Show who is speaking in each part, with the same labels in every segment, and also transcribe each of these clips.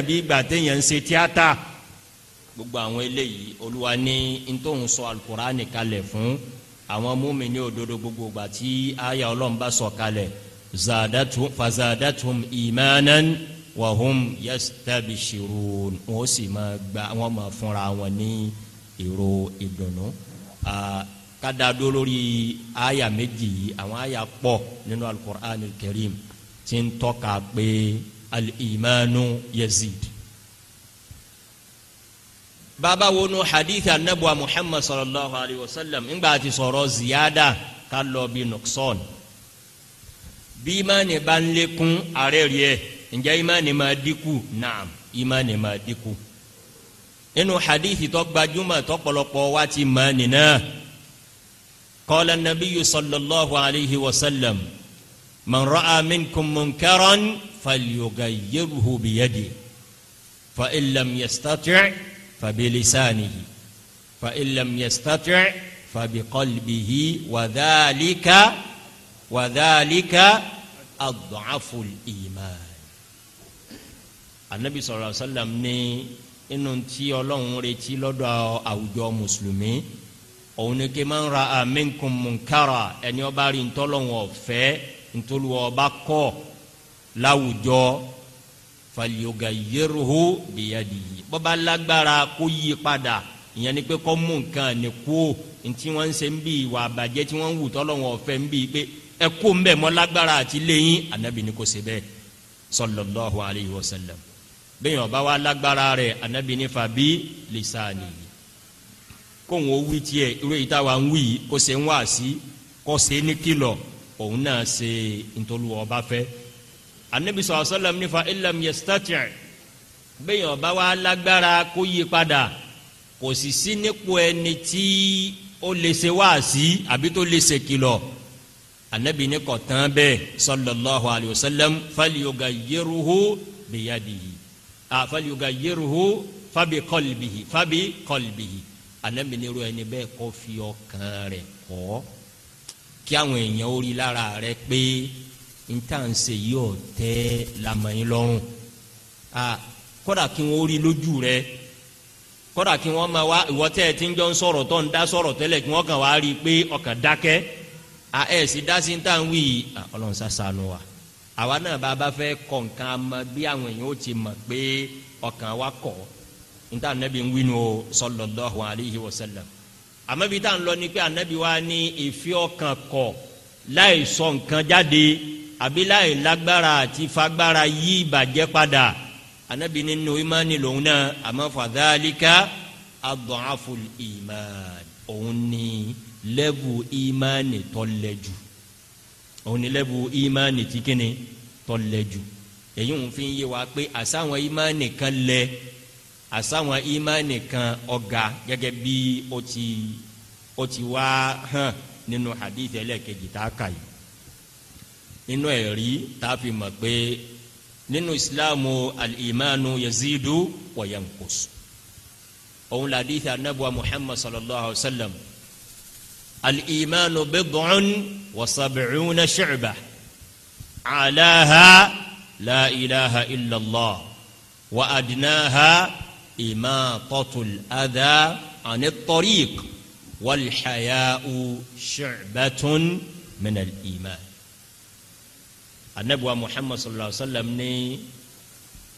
Speaker 1: yàn bí ìgbà téèyàn ń ṣe tíátà gbogbo àwọn eléyìí olúwa ní ntòun sọ alukurani kalẹ̀ fún àwọn múmini òdodo gbogbo ìgbà tí aya ọlọ́run bá sọ kalẹ̀ zadatum fazadatum imanan wahum yastabishirun wọn sì máa gba wọn máa fúnra wọn ní èrò ìdùnnú kádàdó lórí aya méjì yìí àwọn aya pọ̀ nínú alukurani kẹrim tí ń tọ́ka pé al-imanu yazid bàbá wo nu hadith anabuwa muhammad sallallahu alayhi wa sallam ńgbà tí sọ̀rọ̀ ziyada ká lọ bí nuqsan bí imáni bá ń lékún ààrẹ rí ẹ ǹjẹ́ imáni máa dínkù naam imáni máa dínkù nínú hadith tó gbajúmọ̀ tó pọ̀lọpọ̀ wá ti sallallahu alayhi wa sallam man ra'a minkum munkaran falyughayyirhu biyadihi fa in lam yastati' fa bilisanihi fa in lam yastati' fa biqalbihi wa dhalika wa dhalika ad'afu al-iman. anabi sallallahu alaihi wasallam ní inú tí ọlọ́run retí lọ́dọ̀ àwùjọ mùsùlùmí òun ni kí máa ra minkum munkara ẹni ó bá rí ntọ́lọ́run ọ̀fẹ́ ntọ́lùwọ̀ ọba láwùjọ fàlíọ̀gà yẹrùhó bìyàdì yìí bọ́ba lágbára kó yí padà ìyẹn ni pé kọ́ mú nǹkan ní kú ntí wọ́n ń ṣe ń bí ìwà àbàjẹ́ tí wọ́n ń wù tọ́lọ́wọ́n ọ̀fẹ́ ń bí pé ẹ kó ń bẹ̀ mọ́ lágbára àti lẹ́yìn ànábì ni kò ṣe bẹ́ẹ̀ sallallahu alayhi wa sallam bẹ́ẹ̀ ọba wa lágbára rẹ̀ ànábì ni fàbí lisani kóun ó wí tiẹ̀ irú yìí táwa ń wí kó ṣe ń wá sí kó ṣe ní kìlọ̀ òun náà ṣe ntọ́lu ọba fẹ́ẹ́ anabi sọ̀rọ̀ sọ́lá mi fa ilam yastati' bẹ́ẹ̀ yọ̀ọ́ bá wa lágbára kó yí padà kò sì sí nípò ẹni tí ó lè ṣe wáàsí àbí tó lè ṣe kìlọ̀ anabi ní kò tán bẹ́ẹ̀ sallallahu alayhi wa sallam falyughayyiruhu biyadihi falyughayyiruhu fabi qalbihi fabi qalbihi anabi ní irú ẹni bẹ́ẹ̀ kó fi ọkàn rẹ̀ kọ́ kí àwọn èèyàn ó rí lára rẹ̀ pé ntànse yìí ò tẹ́ lamẹ́yìn lọ́rùn a kọ́dà kí wọ́n rí lójú rẹ kọ́dà kí wọ́n máa wá ìwọ tẹ́ ẹ ti ń jọ ń sọ̀rọ̀ tó ń dá sọ̀rọ̀ tẹ́lẹ̀ kí wọ́n kàn wá rí i pé ọkàn dákẹ́ a ẹ̀ sì dá sí ntàn wí yìí ọlọ́run sàṣàánú wa àwa náà bá a bá fẹ́ kọ̀ nǹkan mọ̀ bí àwọn èèyàn ó ti mọ̀ pé ọkàn wa kọ̀ ntàn nẹ́bi ń wí nu sallallahu alaihi wasallam àmọ́ bí tá lọ ni pé ànábi wa ní ìfi ọkàn kọ̀ láì sọ nǹkan jáde àbí láì lágbára àti fagbára yí ìbàjẹ́ padà anabi nínú imáni lòun náà àmọ́ fàdálíkà adọ́àfọ̀l ìmáàni òun ni lẹ́bù ìmáàni tọ́lẹ́jù òun ni lẹ́bù ìmáàni tí kíni tọ́lẹ́jù èyí ń fi yé wa pé àsáwọn ìmáàni kan lẹ àsáwọn ìmáàni kan ọ̀gá gẹ́gẹ́ bí ó ti ó ti wá hàn nínú hadith ẹlẹ́ẹ̀kejì tá a kà yìí. nínú ẹ̀rí tá fi mọ̀ pé nínú ìsìláàmù al-imanu yazidu wa yanqus òun làdíìsì anábùwà muhammad sallallahu alayhi wa sallam al-imanu bid'un wa sab'una shu'bah alaha la ilaha illallah wa adnaha imatatul adha anit tariq wal haya'u shu'batun min al-iman. anabiwa muhammad sallallahu alaihi wa sallam ní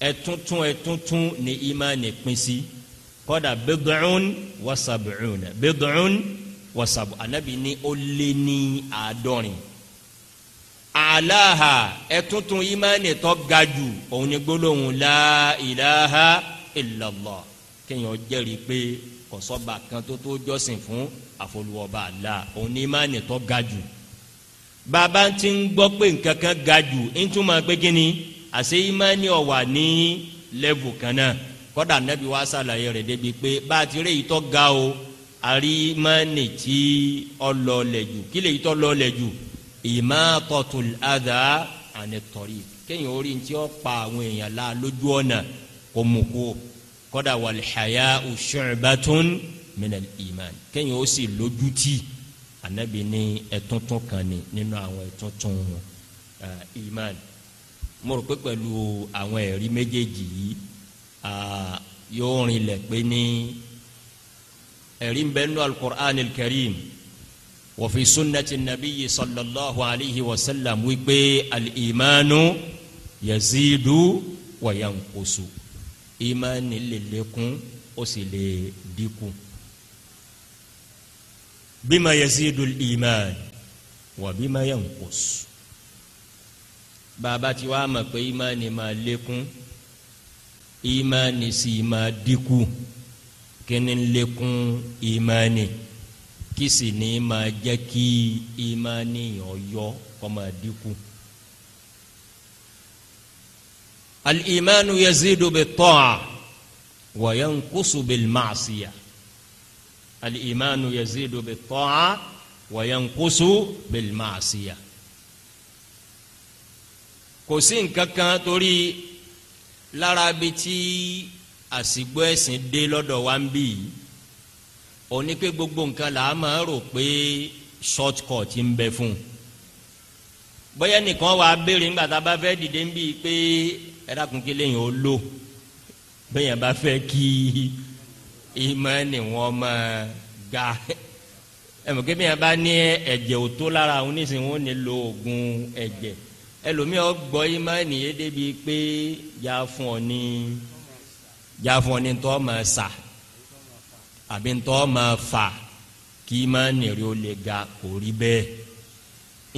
Speaker 1: ẹtuntun ẹtuntun ní imáni pín sí kódà bid'un wa sab'una bid'un wa sab'una anabi ní ó lé ní àádọ́rin alaha ẹtuntun imáni tó ga jù òun ni gbólóhùn la ilaha illallah kéèyàn jẹ́rìí pé kò sọ́ba kan tó tó jọ́sìn fún àfolúwọ́ba Allah òun ni imáni tó bàbá ti ń gbọ́ pé nǹkan kan ga jù ń tún máa pé kíni àṣé ìmánì ò wà ní lẹ́vù kan náà kọ́dà nẹ́bí wa ṣàlàyé rẹ̀ débi pé bá a ti rí èyí tó ga o àrí ìmánì tí ó lọlẹ̀ jù kí lè yí tó lọlẹ̀ jù imatatul adha anit tariq kéèyàn orí ti ó pa àwọn èèyàn la lójú ọ̀nà kò mú kó kọ́dà wal haya'u shu'batun minal iman kéèyàn ó sì lójú tì í anabi ní ẹtuntun kan ni nínú àwọn ẹtuntun iman mo rò pé pẹ̀lú àwọn ẹ̀rí méjèèjì yìí yóò rinlẹ̀ pé ní ẹ̀rí ń bẹ nínú al-Qur'an al-Karim wa fi sunnati nabiyyi sallallahu alayhi wa sallam wípé al-imanu yazidu wa yanqusu imani lè lékún sì lè dínkù bima yazidul iman wa bima yanqus bàbá tí wàá mọ̀ pé ìmánì máa lékún ìmánì sì máa dínkù kíni lékún ìmánì kí sì ní máa jẹ́ kí ìmánì ọ̀yọ́ kó al-imanu yazidu bit-ta'a wa yanqusu bil-ma'siyah alìmánu yazidu bi tọ́a wàyẹnkusu bilmaasiya kò sí nǹkan kan torí lára bi tí àsìgbò ẹ̀sìn dé lọ́dọ̀ wa ń bì yìí òní pé gbogbo nǹkan là á máa rò pé short cut ń bẹ fún un bóyá nìkan wà béèrè nígbà tá a bá fẹ́ dìde ń bì pé ẹ dákun kí lèyìn ó lò bẹ́ẹ̀ yẹn bá fẹ́ kí i ìmánì wọn máa ga ẹ̀mọ̀ kí bíyàn bá ní ẹ̀jẹ̀ ò tó lára òun nísìnyí wọn ní lo oògùn ẹ̀jẹ̀ ẹlòmíì ọ gbọ́ ìmánì yé débi pé yà fún ọ ní yà fún ọ ní ntọ́ máa sà àbí ntọ́ máa fà kí ìmánì rí o lè ga kò rí bẹ́ẹ̀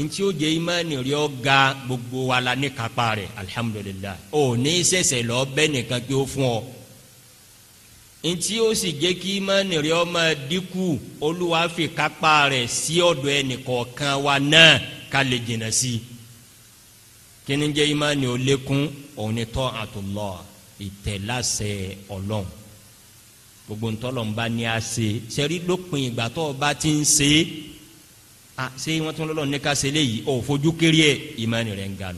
Speaker 1: ntí ó jẹ ìmánì rí ọ ga gbogbo wa la ní kápá rẹ̀ alihamudulilayi ò ní sẹ̀sẹ̀ lọ bẹ́ẹ̀ nìkan kí ó fún ọ ntí o sì jẹ́ kí mọ́nì rẹ̀ ọmọ dínkù olúwa fi kápá rẹ̀ sí ọ̀dọ̀ ẹnìkọ̀ọ̀kan wa náà ká lè jìnnà sí i kíni jẹ́ ìmọ̀nì ó lékún òun ni tọ́ àtúlọ̀ ìtẹ̀láṣẹ ọlọ́run gbogbo ntọ́lọ̀ ń bá ní a ṣe sẹ́rí lópin ìgbà tó o bá ti ń ṣe a ṣé wọ́n tún lọ́lọ́ ní ká ṣe léyìí ò fojú kéré ẹ̀ ìmọ̀nì rẹ̀ ń ga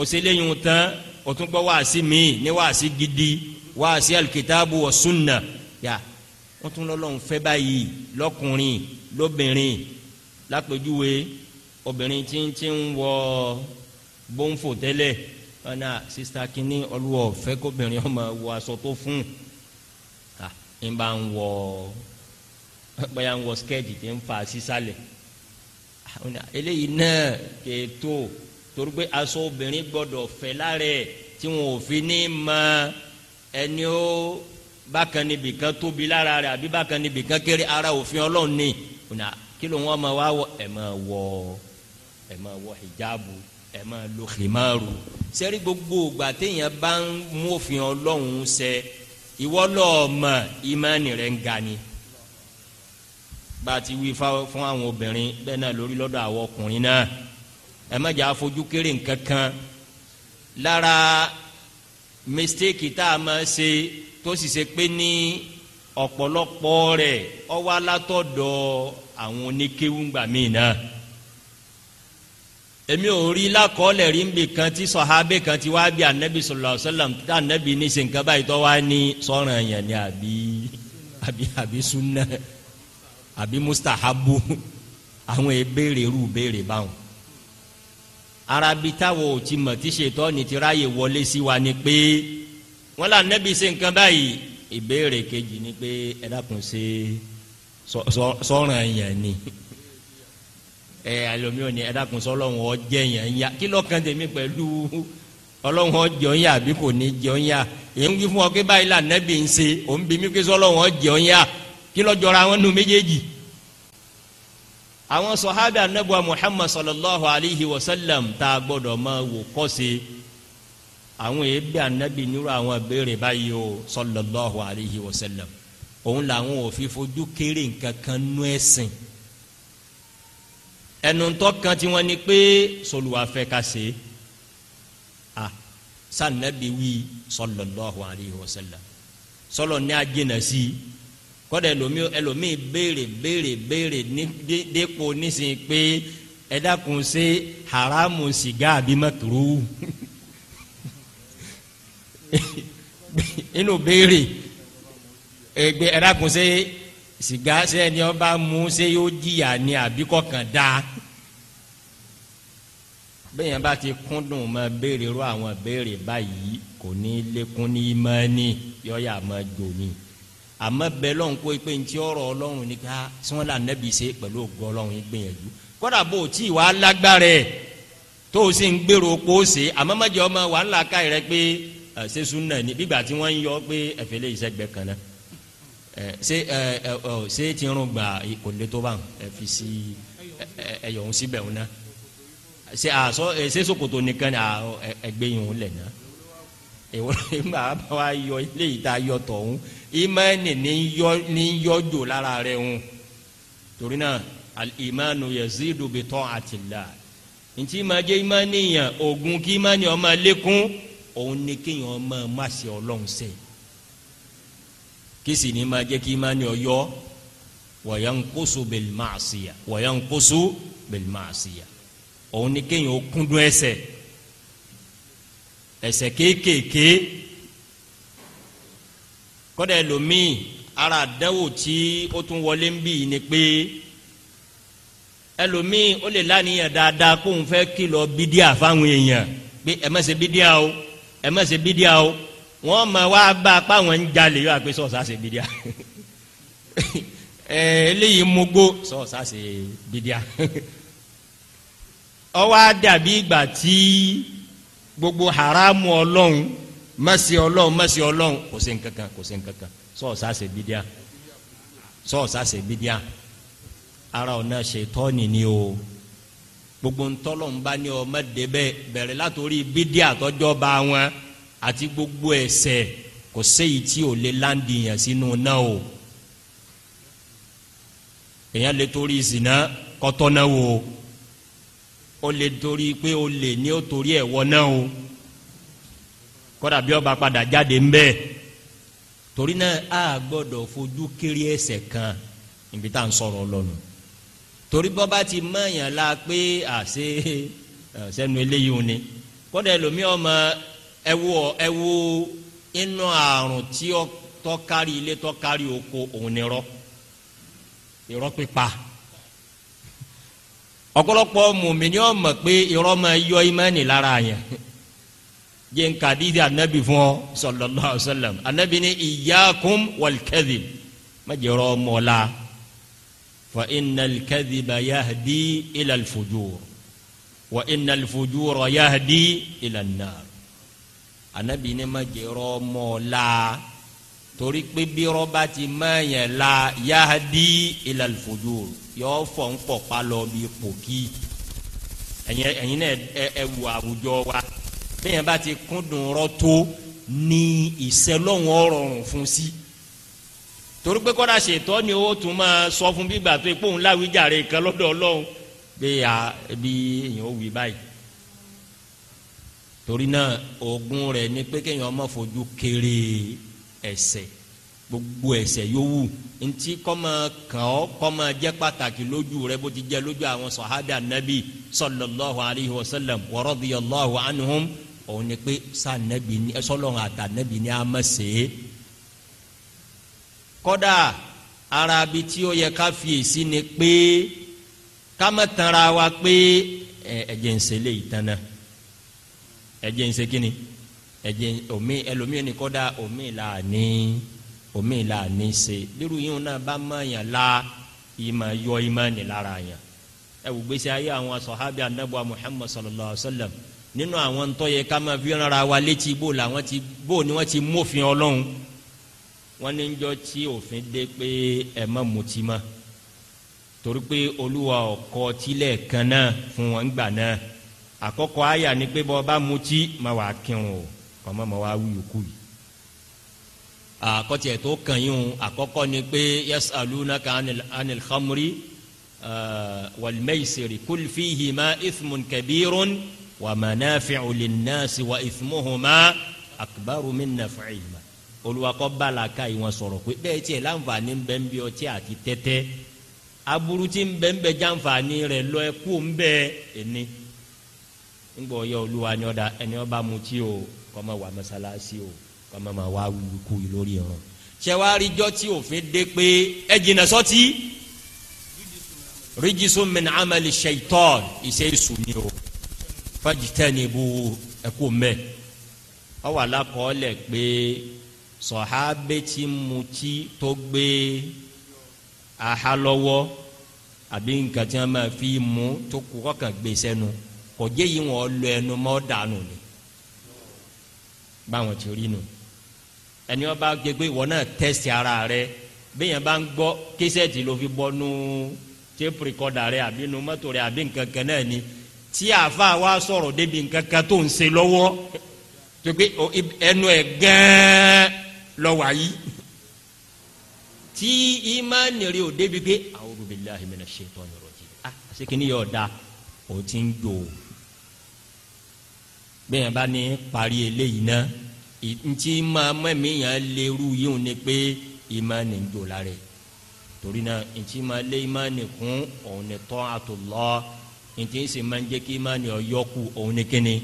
Speaker 1: o ṣe léyìn tán o tún gbọ́ wáàsí mi ní wáàsí gidi waasi sí alikitaabu wa sunna ya wọn tún lọlọrun fẹ́ báyìí lọ́kùnrin lóbìnrin lápèjúwe obìnrin tí ń tí ń wọ bọ́ǹfò tẹ́lẹ̀ ọ̀nà ah, sista kínní olúwọ̀ fẹ́ kóbìnrin ọmọ wọ aṣọ tó fún ń bá ń wọ bóyá ń wọ skẹ́ẹ̀tì tí ń fa sísàlẹ̀ ah, eléyìí náà kètò torí pé aṣọ obìnrin gbọ́dọ̀ fẹ́ lára ẹ̀ tí wọn ò fi ní máa ẹni ó bákan níbi kan tóbi lára rẹ àbí bákan níbi kan kéré ara òfin ọlọ́run ni ọ̀nà kí ló wọn máa wá wọ ẹ máa wọ ẹ máa wọ hijabu ẹ máa lo khimaru sẹ́rí gbogbo ìgbà téèyàn bá ń mú òfin ọlọ́run ṣẹ ìwọ lọ́ọ́ mọ̀ ìmánì rẹ̀ ń ga ni bá a ti wí fún àwọn obìnrin bẹ́ẹ̀ náà lórí lọ́dọ̀ àwọn ọkùnrin náà ẹ má jà kéré nǹkan kan lára mistake tá a máa ṣe tó sì ṣe pé ní ọ̀pọ̀lọpọ̀ rẹ̀ ó wá látọ̀dọ̀ àwọn oníkéwùngbà míì náà èmi ò rí lákọọ́lẹ̀ rí nbì kan tí sọ̀hábẹ́ kan ti wá bí anabi sallallahu alaihi wasallam tí anabi ní ṣe nǹkan báyìí tó wá ní sọ̀ràn èèyàn ni àbí àbí àbí sunna àbí mustahabu àwọn ìbéèrè irú ìbéèrè báwọn arabi táwo ò ti mọ̀ tí ṣètọ́ ni ti ráyè wọlé sí wa ni pé wọn là nẹ́bi ṣe nǹkan báyìí ìbéèrè kejì ni pé ẹ dákun ṣe sọ̀ràn èèyàn ni ẹ àlòmí ò ní ẹ dákun sọ ọlọ́run ọjẹ́ èèyàn ya kí lọ́kàn tèmi pẹ̀lú ọlọ́run ọjọ́ yà àbí kò ní jọ yà èyí ń wí fún ọ pé báyìí là nẹ́bi ń ṣe òun bí mi pé sọ ọlọ́run ọjọ́ kí lọ́jọ́ra wọn nu méjèèjì àwọn sọ̀hábà anábọ̀ muhammad sallallahu alayhi wa sallam tá a gbọ́dọ̀ máa wò kọ́ sí àwọn èébì anábì nírú àwọn béèrè báyìí o sallallahu alayhi wa sallam òun làwọn ò fi fojú kéré nǹkan kan nú ẹ̀sìn ẹnutọ́ kan tí wọ́n ní pé sọlùwàfẹ́ ká ṣe à sànàbí wí sallallahu alayhi wa sallam sọlọ ní a sí i kọ́dà ẹlòmíì ẹlòmíì béèrè béèrè béèrè ní dépò nísìnyí pé ẹ dákun ṣe haramu sìgá àbí mọ́kìrú inú béèrè ẹgbẹ ẹ dákun ṣe sìgá ṣe ẹni ọba mú ṣe yóò jìyà ni àbí kọkàn dáa bẹ́ẹ̀ yẹn bá ti kúndùn mọ béèrè ru àwọn béèrè báyìí kò ní lékún ní mọ́ ni yọ̀ọ́yà mọ́ jò ni àmọ́ bẹ́ẹ̀ lọ́hùn kó pé ntí ọ̀rọ̀ ọlọ́run ní ká sọ́n là nẹ́bi ṣe pẹ̀lú ògùn ọlọ́run yìí gbìyànjú kódà bó o tí ì wá lágbára ẹ̀ tó o sì ń gbèrò pò ó ṣe àmọ́ mọ́jọ ọmọ wa ńlá ká rẹ pé ṣe súnà ní bígbà tí wọ́n ń yọ pé ẹ̀fẹ̀lẹ́ ìṣẹ́gbẹ́ kan náà ṣe ṣe ti rún gbà kò lè tó bá ẹ fi sí ẹyọ òun síbẹ̀ náà ṣe yìí òun lẹ̀ wa yọ ilé ìta yọ tọ̀hún ìmánì ní yọ ní yọjò lára rẹ̀ ń torí náà al-imanu yazidu bi ta'atillah ntí máa jẹ́ ìmánì yẹn ogun kí ìmánì ó máa lékún òun ni kéèyàn máa má ṣe ọlọ́run ṣe kí sì ní máa jẹ́ kí ìmánì ó yọ wa yanqusu bil ma'siyah wa yanqusu bil ma'siyah òun ni kéèyàn ó kúndùn ẹ̀ṣẹ̀ ẹ̀ṣẹ̀ kéékèèké kọ́dà ẹlòmíì ara àdánwò tí ó tún wọlé ń bì ni pé ẹlòmíì ó lè láníyàn dáadáa kó ń fẹ́ kìlọ̀ bídíà fáwọn èèyàn pé ẹ má ṣe bídíà o ẹ má ṣe bídíà o wọ́n mọ̀ wá bá a pa àwọn ń jalè yóò àgbẹ̀ sọ̀ọ́sà ṣe bídíà ẹ eléyìí mugbó sọ̀ọ́sà ṣe bídíà ó wá dàbí ìgbà tí gbogbo haramu ọlọ́run mẹsì Ọlọ́run mẹsì Ọlọ́run kò sí nkankan kò sí nkankan sọọsà ṣe bídíà sọọsà ṣe bídíà ara ọ̀nà ṣètọ́ni ni o gbogbo ntọ́lọ́nba ni ọmọ débẹ̀ bẹ̀rẹ̀ látòrí bídíà tọ́jọ́ bá wọn àti gbogbo ẹ̀ṣẹ̀ kò séyìí tí ò lè láǹdì yàn sínú náà o èèyàn lè torí ìsìná kọ́tọ́ náà o ó lè torí pé ó lè ní ó torí ẹ̀wọ́ náà o kọ́dà bí ọba padà jáde ń bẹ́ẹ̀ torí náà a gbọ́dọ̀ fojú kéré ẹsẹ̀ kan níbi tá à ń sọ̀rọ̀ lọ́nu torí bọ́ bá ti mọ̀yàn la pé àṣẹ sẹ́nu eléyìí ò ní kọ́dà ẹlòmíì ọmọ ẹwo ẹwo inú àrùn tí ó tọ́kárí ilé tọ́kárí oko òun ni rọ́ irọ́ pípa ọ̀pọ̀lọpọ̀ mùmí ni ó mọ̀ pé irọ́ máa yọ ìmánì lára yẹn jẹ́ ń ka dídí anabi fún ọ sallallahu alayhi wa sallam anabi ni iyyakum wal kadhib má jẹ́ rọ́ mọ́ la fa innal kadhiba yahdi ila al fujur wa innal fujura yahdi ila an-nar anabi ni má jẹ́ rọ́ mọ́ la torí pé bí rọ́bà ti má yẹn la yahdi ila al yọ fọ̀ ń pọ̀ pa bí pòkì ẹ̀yin náà ẹ wù àwùjọ wa bẹ́ẹ̀ bá ti kúndùn rọ́tó ní ìsẹ́lọ́hún ọ̀rọ̀rùn fún sí. torí pé kọ́dà ṣètọ́ ni ó tún máa sọ fún bígbà tó ipò ńlá wíjàre kan lọ́dọ̀ ọlọ́run pé à bí èèyàn ó wí báyìí. torí náà oògùn rẹ̀ ni pé kéèyàn má fojú kéré ẹ̀ṣẹ̀ gbogbo ẹ̀ṣẹ̀ yòówù ntí kọ́mọ kàn ọ́ kọ́mọ jẹ́ pàtàkì lójú rẹ bó ti jẹ́ lójú àwọn sọ̀hábì ànábì sallallahu alayhi wa sallam wa radiyallahu anhum òun ni pé sànẹ́bì ni sọlọ́run àtànẹ́bì ni a mọ̀ sí i kọ́dà ara bi tí ó yẹ ká fiyèsí ni pé ká má tanra wa pé ẹ̀jẹ̀ ń ṣe lè tán náà ẹ̀jẹ̀ ń ṣe kí ni ẹ̀jẹ̀ omi ẹlòmíì ni kọ́dà omi là ní omi là ní ṣe lérò yìí náà bá mọ̀ yàn la ìmọ̀ yọ ìmọ̀ ni lára yàn ẹ wò gbèsè ayé àwọn sọ̀hábì anábọ̀ Muhammad sallallahu alayhi wa sallam nínú àwọn ń tó yẹ ká máa fi rárá wa létí bó làwọn ti bó ni wọ́n ti mófin ọlọ́run wọ́n ní jọ tí òfin dé pé ẹ má mutí mọ́ torí pé olúwa ọkọ tilẹ̀ kan náà fún wọn gbà náà àkọ́kọ́ àyà ni pé bọ́ọ̀ bá mutí má wàá kírun o kọ́ mọ́ mọ́ wá wúyò kú yìí àkọ́tì tó kàn yín o àkọ́kọ́ ni pé yasalunaka anil khamri uh, wal maisiri kul fihima wa manafi'u linnasi wa ithmuhuma akbaru min naf'ihima olùwàkọ́ bàlàkà yìí wọn sọ̀rọ̀ pé bẹ́ẹ̀ tiẹ̀ láǹfààní ń bẹ ń bí ọtí àti tẹ́tẹ́ aburú tí ń bẹ ń bẹ jàǹfààní rẹ̀ lọ ẹ kú ń bẹ ẹni ńgbọ́ yẹ olúwa ni ọ̀dà ẹni ọba mutí o kọ́ wà mọ́sálásí o kọ́ ma wá wíwíkú yìí lórí ọ̀rọ̀ sẹwárijọ́ tí òfin dé pé ẹ jìnnà sọ́tí rígisùn min amali shaitan ìṣe èṣù ni o fajitanibu ẹ̀kú mẹ́ ọwọ́ alákọ̀ọ́lẹ̀ pé sọ̀hábẹ́ tí mutí tó gbé aha lọ́wọ́ àbí nǹkan tí wọ́n máa fi mú tó kú kọ́kàn gbé sẹ́nu kò jẹ́ yìí wọ́n lọ ẹnu mọ́ dànù ni báwọn ti rí nu ẹni wọn bá gbé pé ìwọ náà tẹ́sì ara rẹ bẹ́ẹ̀yẹn bá ń gbọ́ késẹ́ẹ̀tì ló fi bọ́ nu tépù rìkọ́dà rẹ àbí nu mọ́tò rẹ àbí nǹkan kan náà ni. tí àáfàá wa sọ̀rọ̀ débi nǹkan kan tó ń ṣe lọ́wọ́ tó pé ẹnu ẹ̀ gán-an lọ́wọ́ ayé tí ìmánì rẹ̀ ò débi pé a'udhu billahi minash shaitani rajim a ah, àṣekínní yóò da o ti ń jò bẹ́ẹ̀ bá ní parí eléyìí náà ntí máa mẹ́mìíyàn lérú yíò ní pé ìmánì ń jò lára ẹ̀ torí náà ntí ma lé ìmánì kún òun ni ta'atullah. ntí ń sì máa ń jẹ́ kí imáni ọ̀yọ́kù òun ní kíni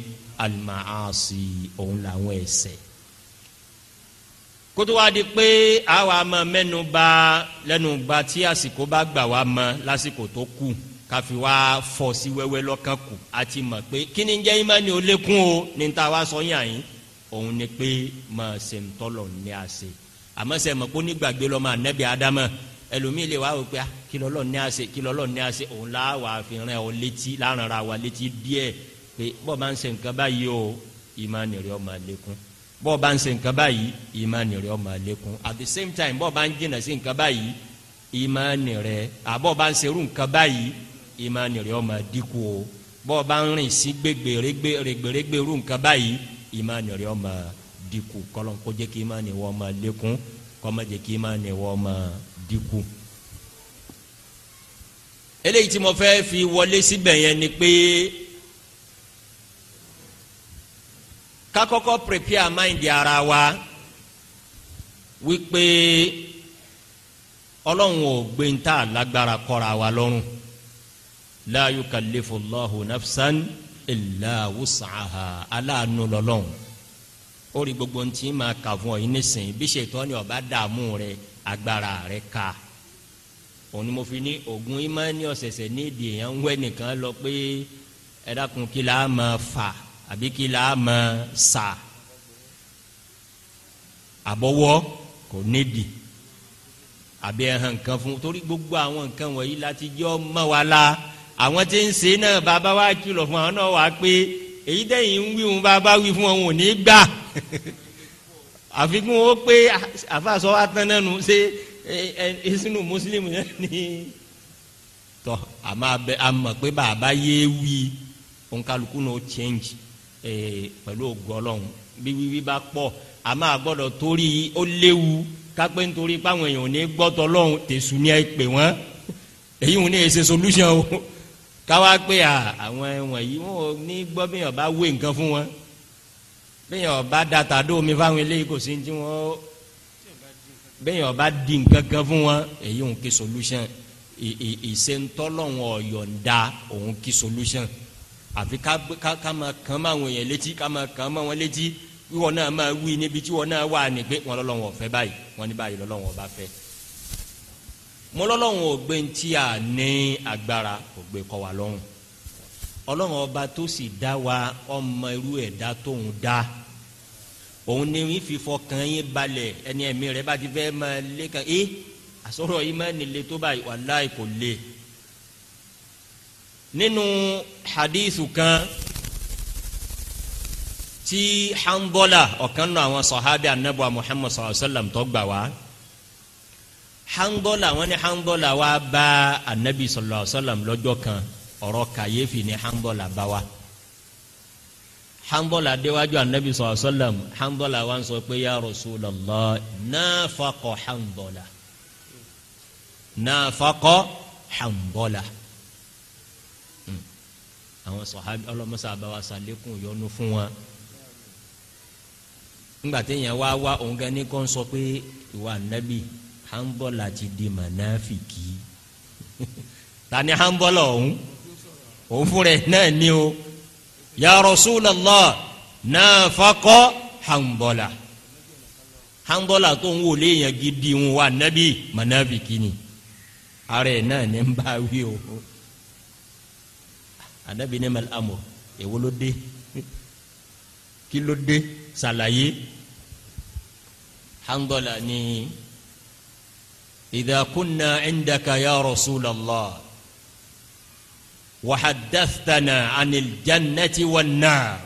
Speaker 1: alimaasi òun làwọn ẹ̀ṣẹ̀ kótó wá di pé àwa máa mẹ́nu bà lẹ́nu bà tí àsìkò bá gbà wá mọ́ lásìkò tó kù káfi wá fọ́ sí wẹ́wẹ́ lọ́kàn kù àti mọ̀ pé kí ni jẹ́ imáni ó o ní ta wá sọ yàn yín òun ni pé máa ṣe ń tọ́lọ̀ ní àṣẹ àmọ́ sẹ́mi kó nígbàgbé lọ́mọ ànẹ́bí ádámọ̀ ẹlòmíì lè wá wò pé ah, kìlọ́lọ́ ní àṣẹ kìlọ́lọ́ ní àṣẹ òun là wà fìràn ọ létí lárànra wa létí díẹ̀ pé bọ́ọ̀ bá ń ṣe nǹkan báyìí o ìmánì rẹ̀ ó máa lékún bọ́ọ̀ bá ń ṣe nǹkan báyìí ìmánì rẹ̀ ó máa at the same time bọ́ọ̀ bá ń jìnà sí nǹkan báyìí ìmánì rẹ̀ àbọ̀ bá ń ṣerú nǹkan báyìí ìmánì rẹ̀ ó máa dínkù o bọ́ọ̀ bá ń rìn sí gbègbèrègbèrègbè rú nǹkan báyìí ìmánì rẹ̀ ó máa dínkù kọ́lọ́n dínkù eléyìí tí mo fẹ́ fi wọlé síbẹ̀ yẹn ni pé ká kọ́kọ́ prepare mind ara wa wípé ọlọ́run ò gbé ń tà lágbára kọ́ra wa lọ́rùn la yukallifu Allahu nafsan illa aláàánú lọ́lọ́run ó rí gbogbo ohun tí ń máa kà fún ọ yín nísìnyí bí ṣètò ni ọba dààmú rẹ̀ agbára rẹ̀ ka òun ni mo fi ní ogun imani ọ̀sẹ̀sẹ̀ nídìí èèyàn ń wẹ́ nìkan lọ pé ẹ dákun kí la mọ̀ fà àbí kí la mọ̀ sà àbọ̀wọ́ kò nídìí àbí ẹ̀hàn nǹkan fún torí gbogbo àwọn nǹkan wọ̀nyí láti jọ́ mọ́ wa la àwọn tí ń ṣe náà bàbá wa kìlọ̀ fún àwọn náà wà pé èyí dẹ́yìn ń wí wọn bàbá wí fún wọn ò ní gbà àfikún ó pé àfàsọ atẹnẹnu ṣe ìsinú mùsùlùmí yẹn ni tọ àmọ́ abẹ àmọ́ pé bàbá yé wí ònkálukú náà change pẹ̀lú ògùn Ọlọ́run bí wíwí bá pọ̀ àmọ́ àgbọ́dọ̀ torí ó léwu kápẹ́ nítorí páwọn èèyàn ò ní gbọ́tọ̀ lọ́hùn tẹ̀sù ní ẹ pè wọ́n èyí wọn ní èsè solution o káwá pé àwọn ẹ̀wọ̀n yìí wọn ò ní gbọ́ bí wọn bá wé nǹkan fún wọn bẹ́ẹ̀ ọba dàtà dó omi fáwọn eléyìí kò sí ní tí wọ́n bẹ́ẹ̀ ọba di nǹkan kan fún wọn èyí òun kí solution ìṣèǹtọ́lọ́wọ̀n ọ̀yọ̀ǹda òun kí solution àfi ká ká máa kàn máa wọn yẹn létí ká máa kàn máa wọn létí wíwọ náà máa wí níbi tí wọn náà wà ní pé wọn lọ́lọ́wọ̀n ọ̀fẹ́ báyìí wọn ní báyìí lọ́lọ́wọ̀n ọba fẹ́ mọ́lọ́lọ́wọ̀n ògbé ntí à ní agbára ògbé kọ́ wa lọ́rùn ọlọ́run ọba tó sì dá wa ọmọ irú ẹ̀dá tóun dá òun ni wọ́n fi fọkàn yín balẹ̀ ẹni ẹ̀mí rẹ̀ bá ti fẹ́ máa lé kan ẹ́ àsọ̀rọ̀ yìí máa nílé tó báyìí wàláì kò lè. nínú hadithu kan tí hanbola ọ̀kan nù àwọn sọ̀hábì anabuwa muhammad sallallahu alayhi wa sallam tó gbà wá hanbola wọn ni hanbola wá bá anabi sallallahu alayhi lọ́jọ́ kan ọ̀rọ̀ kàyéfì ní hanbọ́là bá wa hanbọ́là déwájú anabi sallallahu alaihi wasallam hanbọ́là wa ń sọ pé ya Rasulullah nafaqa hanbọ́là nafaqa hanbọ́là hmm. àwọn sọ̀hábí ọlọ́mọsá àbáwá sàlékún yọnu fún wa nígbà téèyàn wá wá òun gan ní kó ń sọ pé ìwà nẹ́bì hanbọ́là ti di mànáfìkì ta ni hanbọ́là ọ̀hún òun fún rẹ̀ náà ni o ya Rasulallah nafaqa Handola Handola tó ń wòlé yẹn gidi ń wa nabi manafiki ni ara ẹ̀ náà ni ń bá wí o anabi ni mal amur èwo ló dé kí ni idha indaka ya Rasulallah. وحدثتنا عن الجنة والنار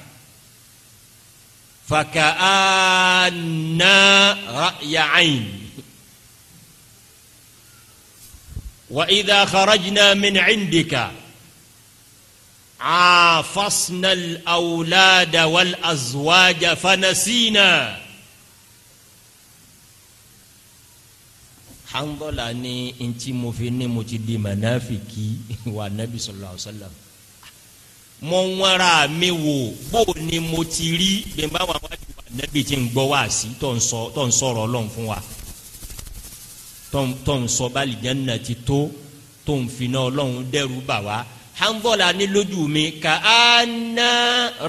Speaker 1: فكأنا رأي عين وإذا خرجنا من عندك عافصنا الأولاد والأزواج فنسينا hanbọ́là ni ntí mo fi ní mo ti di mọ̀nàfìkì wà nábì sallallahu alaihi wasallam mo ń mi wò bó ni mo ti rí bẹ́ẹ̀ wa wà wájú wà nábì tí ń gbọ́ wá sí tó ń sọ̀rọ̀ ọlọ́run fún wa tó ń sọ báli janna ti tó tó ń fi náà ọlọ́run dẹ́rù bà wá ni lójú mi ka anna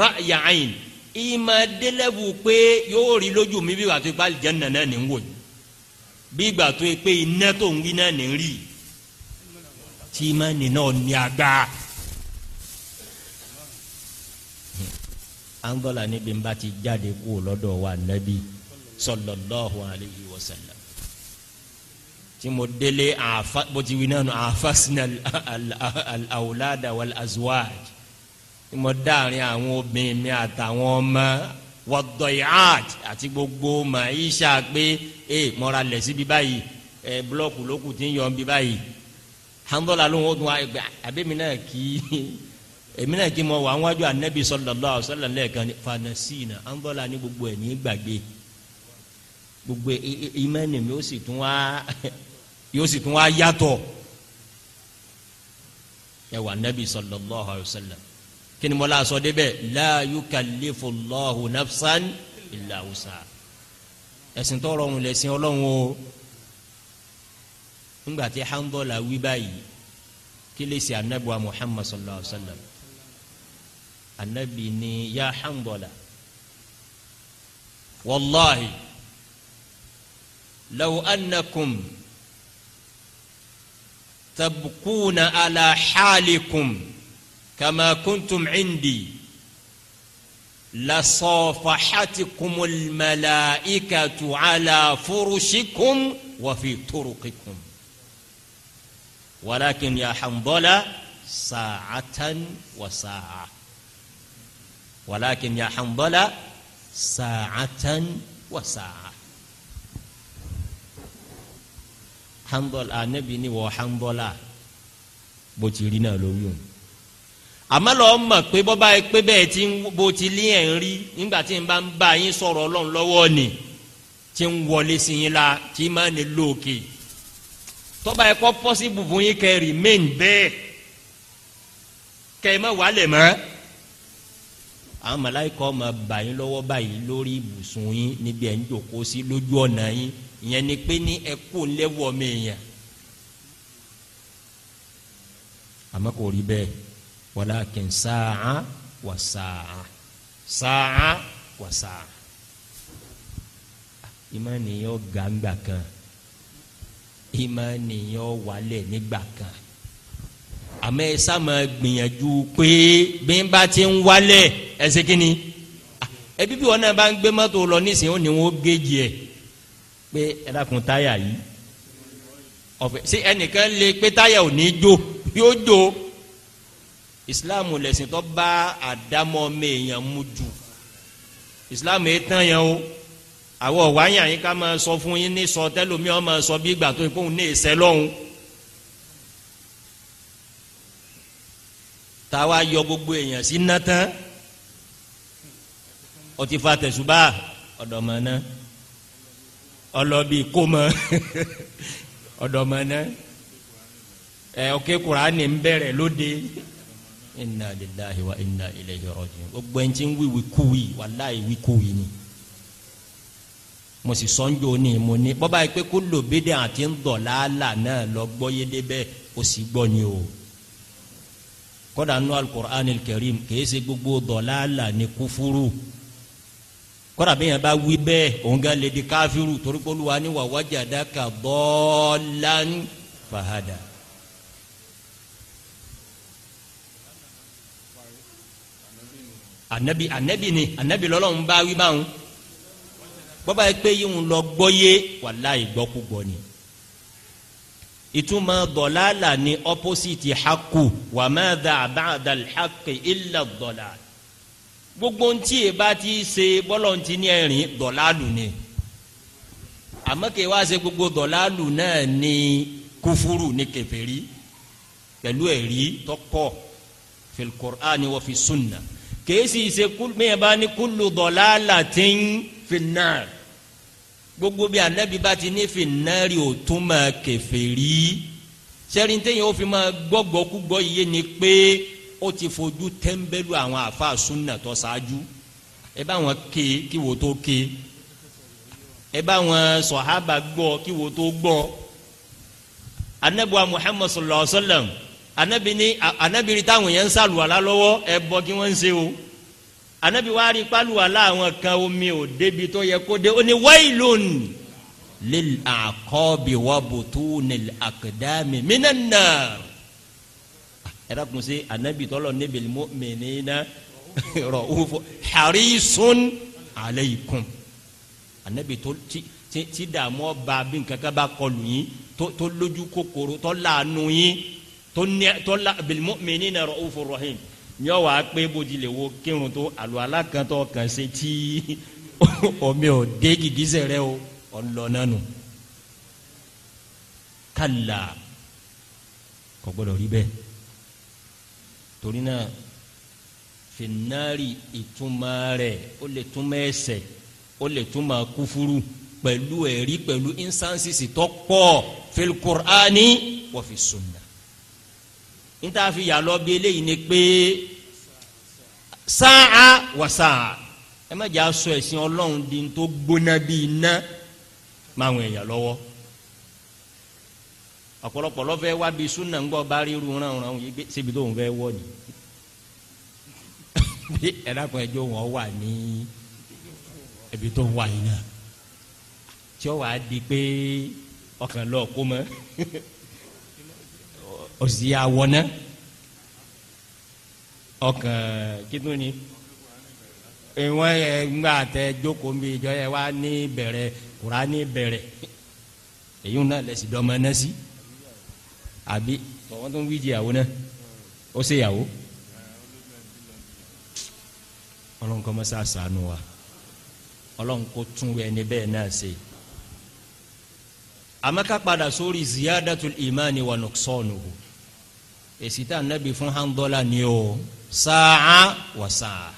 Speaker 1: ra'ya ayn ìmọ̀ délẹ́bù pé yóò rí lójú mi bí wàá tó báli janna náà ní wòye bí ìgbà tó yẹ pé iná tó ń wí náà ní tí ìmánì náà ní agbára. angola níbi bá ti jáde kú lọ́dọ̀ wa nẹ́bí sallallahu alayhi wa sallam tí mo délé àfa bó ti wí náà nù àfàsínà al-awlada wal-azwaj tí mo dáàrin àwọn obìnrin mi àtàwọn ọmọ wàdọ̀yàt àti gbogbo màáyíṣà pé ẹ mọ́ra lẹ̀ síbi báyìí ẹ búlọ́ọ̀kù lókù tí ń yọ bí báyìí hanzọ́là ló ń wọ́n tún wá ẹgbẹ́ àbẹ́mi náà kí èmi náà kí mo wà wájú anabi sallallahu alaihi wasallam lẹ́ẹ̀kan fanasina ní gbogbo ẹ̀ ní gbàgbé gbogbo ìmánì mi sì tún wá yóò sì tún wá yàtọ̀ ẹ wà anabi sallallahu alaihi wasallam kíni mo la sọ débẹ̀ la yukallifullahu nafsan illa wusa ẹ̀sìn tó rọrùn lẹ̀sìn Ọlọ́run o ńgbà tí hanbọlá wí báyìí kí lè ṣe anabiwa muhammad sallallahu alaihi wa sallam anabi ni ya hanbọlá wallahi law annakum tabkuna ala xaalikum kama kuntum indi lasọfahatikum almalaikatu ala furushikum wafi turukikum walakin ya hanbala sa'atan wa sa'a walakin ya hanbala sa'atan wa sa'a hanbala anabi ni wọ hanbala bó ti àmọ́ lọ́ọ́ mọ̀ pé bọ́ báyìí pé bẹ́ẹ̀ ti ń bo ti lé ẹ̀ ń rí nígbà tí n bá ń bá yín sọ̀rọ̀ ọlọ́run lọ́wọ́ ni ti ń wọlé sí yín la tí máa ní lóòkè tọ́ba ẹ̀kọ́ pọ́sibù fún yín kẹ́ rìmẹ́ǹ bẹ́ẹ̀ kẹ́ ẹ má wàálẹ̀ mọ́ àwọn màláìkọ́ ma bà yín lọ́wọ́ báyìí lórí ibùsùn yín níbi ẹ̀ ń jòkó sí lójú ọ̀nà yín ìyẹn ni pé ní ẹ̀kú ńlẹ́wọ̀ mi yẹn àmọ́ kò rí bẹ́ẹ̀ walakin sáà wà sáà sáà wà sáà ìmánìyàn gàǹgbà kan ìmánìyàn wálẹ̀ nígbà kan àmọ́ ẹ sá máa gbìyànjú pé bí n bá ti ń wálẹ̀ ẹ ṣe wọn bá ń gbé mọ́tò lọ nísìnyí ó ní wọn ó ẹ pé ẹ dákun táyà yìí ọ̀fẹ́ sí ẹnìkan lè pé táyà ò ní jó yóò jó ìsìláàmù lẹ̀sìn ba bá àdámọ́ ọmọ èèyàn mu jù ìsìláàmù yẹn tán yẹn o àwọn ọ̀wáyà yín ká máa sọ fún yín ní sọ tẹ́lómi ọ́ máa sọ bí ìgbà tó yẹ kóun ní ìṣẹ́ lọ́hùn. táwa gbogbo èèyàn sí ná tán fa tẹ̀sùbá ọ̀dọ̀mọ̀ná ọlọ́bì kọ́mọ ọ̀dọ̀mọ̀ná ẹ̀ ọ̀kẹ́ kùránì ń bẹ̀rẹ̀ lóde inna lillahi wa inna ilayhi raji'un gbogbo ẹni tí ń wíwí kúwì wàláì wí kúwì ni mo sì sọ ń jò ní mo ní bọ́bá yìí pé kó lò bídẹ̀ àti ń dọ̀ láàlà náà lọ gbọ́ yé débẹ̀ ó sì gbọ́ ni o kódà nù alukur'an kẹrim kìí ṣe gbogbo dọ̀ láàlà ní kúfúrú kódà bí yẹn bá wí bẹ́ẹ̀ òun gan lè di káfíru torí pé olúwa ni wà wájà dáka dọ́ọ̀lan fàhádà. anabi anabi ni anabi lọ́lọ́run bá wí báwọn bọ́bá yẹ pé yíwọn lọ gbọ́ yé wàláì gbọ́kú gbọ́ ni ìtumọ̀ dọ̀làlà ni opposite haku wà má da àbáàdà haki illa dọ̀là gbogbo ntí yẹ bá ti ṣe bọ́lọ̀ ntí ní ẹ̀rín ni àmọ́ kí wá gbogbo dọ̀làlù náà ni kúfúrú ni kèfèrí pẹ̀lú ẹ̀rí tọkọ fil Qur'ani wa fi sunna kèésì ṣe mẹ́yìn bá ní kúlù dọ̀là latin finnar gbogbo bí anabi bá ti ní finnari ò tún máa kèfèrí sẹ́rin téèyàn ó fi máa gbọ́gbọ́ kúgbọ́ yìí ni pé ó ti fojú tẹ́ńbẹ́lú àwọn àáfàá súnà tó ṣáájú ẹ bá wọn ké kí wo tó ké ẹ bá wọn sọ̀hábà gbọ́ kí wo tó gbọ́ anabuwa muhammadu sallallahu alaihi wa sallam anabi ni anabi rí táwọn yẹn ń sàlùwàlá lọ́wọ́ ẹ bọ kí wọ́n ń ṣe o anabi wa rí pálùwàlá àwọn kan omi ò débi tó yẹ kó dé ó ní wailun lil aqabi wa butunil aqdami minan nar ẹ dákun sí anabi tọ́lọ̀ ní bil mu'minina ra'ufu harisun alaykum anabi tó ti ti dààmú ọba bí nǹkan bá kọlù yín tó lójú kòkòrò tó láàánú yín tó la bilmu'minina ra'ufur rahim yọ wá pé bójúlẹ̀ wo kírun tó àlọ́ alákàntọ́ kàn ṣe tí omi ò dé gìgísẹ̀ rẹ o ọlọ́nà nù kàlà kò gbọdọ̀ rí bẹ́ẹ̀ torí náà fìnnárì ìtumọ̀ rẹ̀ ó lè túmọ̀ ẹsẹ̀ ó lè túmọ̀ kúfúrú pẹ̀lú ẹ̀rí pẹ̀lú instances tó pọ̀ fil Qur'ani wa sunna níta fi yà lọ bí eléyìí ni pé sáà wà sáà ẹ má jà sọ ẹ̀sìn ọlọ́run di tó gbóná bí iná máa wọn èèyàn lọ́wọ́ ọ̀pọ̀lọpọ̀ lọ́fẹ́ wá bí súnà ń gbọ́ bá ríru ránran yìí gbé síbi tó ń fẹ́ wọ̀ ni bí ẹ̀dàkùn ẹjọ́ wọn wà ní ibi tó ń wà yìí náà tí ó wàá di pé ọkàn lọ kó mọ́ òsì àwọ̀ náà ọkàn kínú ni ìwọ̀n ẹ̀ ńgbà tẹ jókòó mi ìjọ yẹ wá ní bẹ̀rẹ̀ kura ní bẹ̀rẹ̀ èyí e náà lẹ̀sì dọ́mọ náà sí àbí wọ́n tún wí jìyàwó náà ó ṣe yàwó ọlọ́run kọ́ mọ́sá sànù wa ọlọ́run kó tún ẹni bẹ́ẹ̀ náà ṣe àmọ́ ká padà sórí ziyadatul imani wa nuqsanuhu èsì tá ànábì fún handola ni o sáà wà sáà